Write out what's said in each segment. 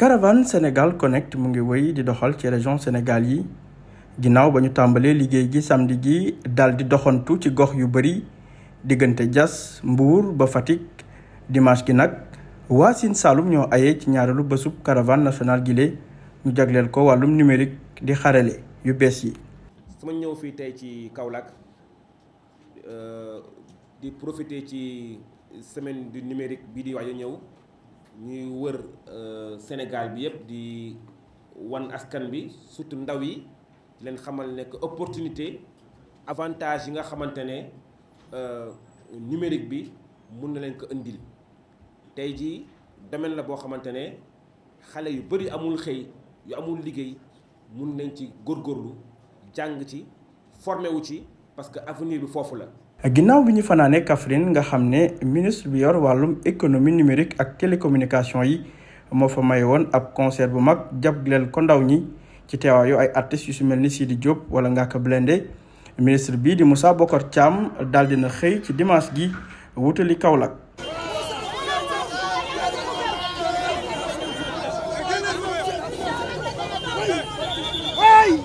caravane Sénégal Connect mu ngi wéy di doxal ci région Sénégal yi ginnaaw ba ñu tàmbalee liggéey gi samdi gi dal di doxantu ci gox yu bëri diggante Diass mbuur ba Fatick dimanche gi nag waa Sine Saalum ñoo ayee ci ñaareelu bésub caravane nationale gile ñu jagleel ko wàllum numérique di xarale yu bees yi. sama ñëw fii tey ci Kaolack euh, di profité ci semaine du numérique bii di waaj ñëw. ñuy wër euh, Sénégal bi yëpp di wan askan bi surtout ndaw yi leen xamal ne opportunité avantage yi nga xamante ne euh, numérique bi mun na leen ko indil tey jii domaine la boo xamante ne xale yu bëri amul xëy yu amul liggéey mun nañ ci góorgóorlu jàng ci formé wu ci parce que avenir bi foofu la ginnaaw bi ñu fanaane nga xam ministre bi yor walum économie numérique ak télécommunication yi mo fa may ab concert bu mag jagleel ko ndaw ñi ci teewaayu ay artistes yu si mel Sidi Diop wala ka Blindé ministre bi di Moussa Bokor Cham dal dina xey ci dimanche gi wutali kaolak Hey!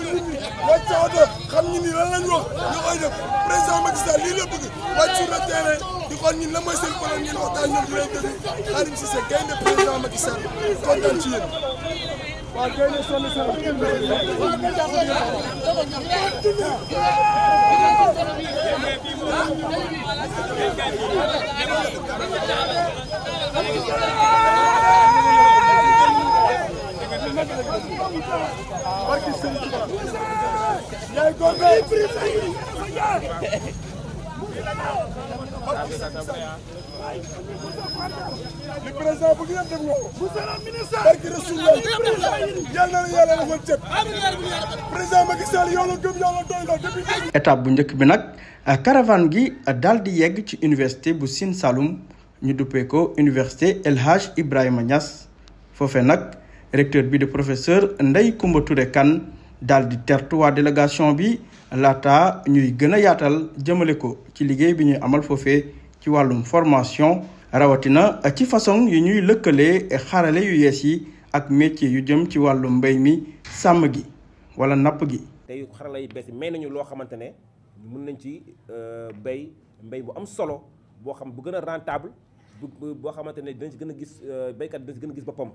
wàcc sa oto xam ñi ni lan lañ wax ñu koy def président Macky Sall lii la bëgg wàcc sur le terrain di xool ñun lan mooy seen problème ñun waxtaan ñoom di leen déglu Khadim Cissé gaynde président Macky Sall kontaan ci yéen. waaw gaynde sonn sonn. Bak işte. le président bu ngeen def loolu. monsieur le ministre. président Macky Sall yow la gëm yow la doy la depuis. étape bu ñëk bi nak caravane gi daldi yegg ci université bu Sine Saloum ñu duppé ko université El Hadj Ibrahima Niass fofé nak recteur bi de professeur Ndeye Koumba Touré Kane dal di tertu waa délégation bi lata ñuy gëna a yaatal jëmale ko ci liggéey bi ñuy amal fofé ci walum formation rawatina ci façon yu ñuy lëkkalee xaralé yu yees yi ak métier yu jëm ci walum mbéy mi sam gi wala nap gi. tey xarala yu bees yi may nañu loo xamante ne mën nañ ci euh, bay mbéy bu am solo bo xam bu gëna rentable bo boo dañ ci gëna gis béykat dinañ ci gën gis euh, bopam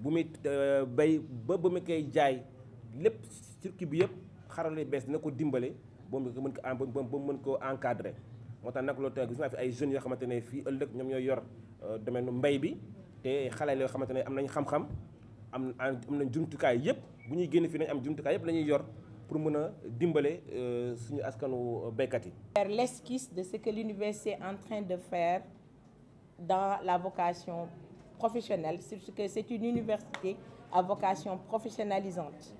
bu mi euh, bay ba bu mu koy jaay lépp circuit bi yëpp xarala yu bees dina ko dimbale ba mu mën ko ba mu mën ko encadré moo tax nag loolu tamit gis naa fi ay jeunes yoo xamante ne fii ëllëg ñoom ñooy yor euh, domaine mbay bi te xale yoo xamante ne am nañ xam-xam am am nañ jumtukaay yëpp bu ñuy génn fii nañ am jumtukaay yëpp la ñuy yor pour mën a dimbale euh, suñu askanu euh, béykat yi. faire l'esquisse de ce que l'université est en train de faire dans la vocation professionnelle, c'est que c'est une université à vocation professionnalisante.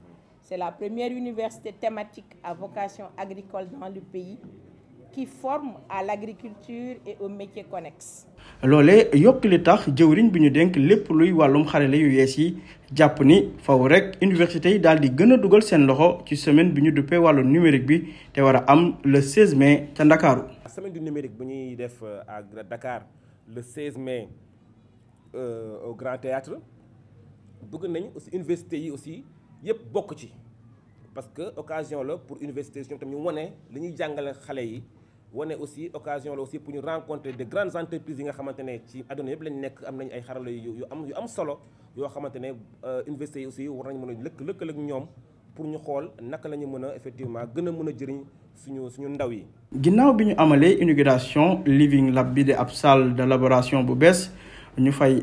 C'est la première université thématique à vocation agricole dans le pays qui forme à l'agriculture et aux métiers connexes. loolee yok li tax jëwriñ biñu denk lepp luy walum wàllum xarale yu yess yi japp ni faw rek université yi daal di gën a dugal seen loxo ci semaine biñu duppé walu numérique bi té wara am le 16 mai ca Ndakaaru. semaine du numérique bu ñuy def euh, à Dakar le 16 mai euh, au Grand Théâtre bëgg nañ aussi université yi aussi yep bokk ci parce que occasion la pour université ñoom tam ñu woné li ñuy jàngalé xalé yi woné aussi occasion la aussi pour ñu rencontrer de grandes entreprises yi nga xamantene ci àdduna yep lañ nekk am nañ ay xaralé yu am yu am solo yo xamantene ne euh, université aussi war nañ mëna a lëkk lëkkal ñom pour ñu xol naka lañu mëna effectivement gëna mëna jëriñ suñu suñu ndaw yi. ginnaw bi ñu amalee inauguration living lab bi de ab salle de laboration bu bees ñu fay.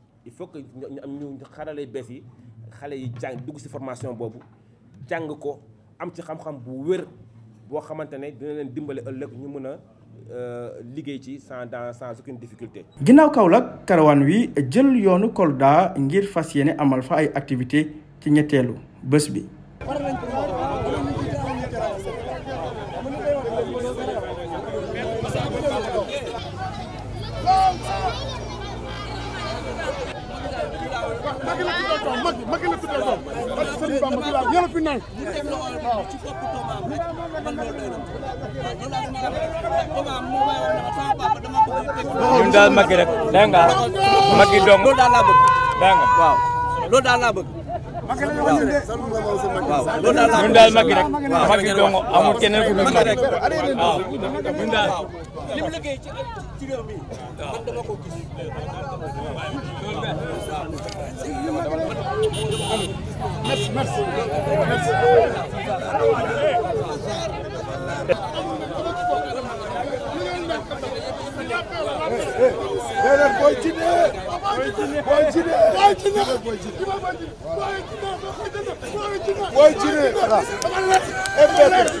il faut que ñu am ñu xarale bees yi xale yi jàng dugg ci formation boobu jàng ko am ci xam-xam bu wér boo xamante ne dina leen dimbale ëllëg ñu mën a euh, liggéey ci sans dans sans aucune difficulté. ginnaaw Kaolack karawaan wi jël yoonu Kolda ngir fas yéene amal fa ay activités ci ñetteelu bés bi. la final ci bopp Toma man loolu doy na ñun daal Macky rek dégg nga Macky dong loolu daal laa bëgg dégg nga waaw loolu daal laa bëgg waaw loolu daal laa bëgg ñun daal Macky rek Macky dong amul keneen ku dul Macky waaw ñun daal lim liggéey ci ci réew mi man dama ko gis merci merci Beyler boy içine. Boy içine. Boy içine. Boy içine. Boy içine. Boy içine. Boy içine. Boy içine. Boy içine. Boy içine.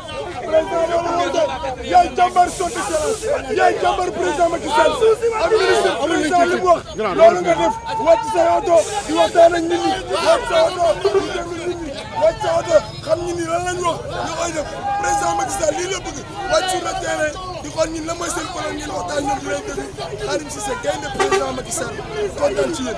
Sonko yaay jàmbar son excellence yaay jàmbar président Macky Sall ak ministre président li mu wax loolu nga def wàcc sa oto di waxtaan ak nit ñi wàcc sa oto di déglu nit ñi wàcc sa oto xam ñi ni lan lañ wax ñu koy def président Macky Sall lii la bëgg wàcc sur le terrain di xool ñun la mooy seen problème ngeen waxtaan ñoom di leen déglu Xaadim Cissé gaynde président Macky Sall kontaan ci yéen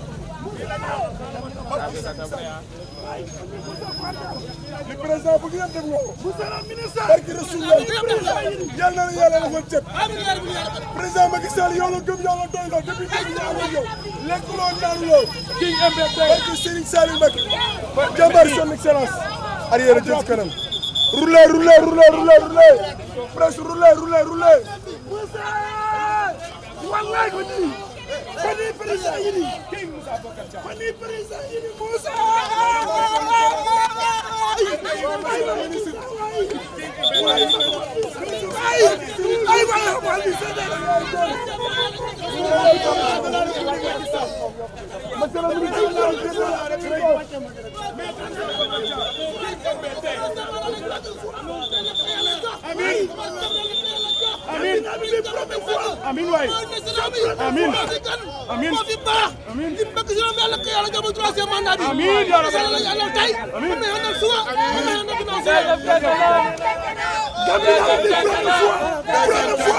li président bëgg yëpp def nga ko. monsieur le ministre. barki la yàlla defal cëpp. président Macky Sall la gëm la doy loo depuis dégg nga amoon yow. lekkuloo naanuloo. kii MBT. barki Serigne Saliou Mbacké. jàmbaar son excellence. arrière jëm ci kanam. rouler pani presa ini musa Amin. les promesses fois. amiin waay amiin amiin moo fi baax. amiin li mu bëgg si yàlla ko yàlla jàppal troisième mandat bi. amiin yàlla yàlla tey. amiin mais yàlla suba. amiin mais yàlla ginnaaw suba.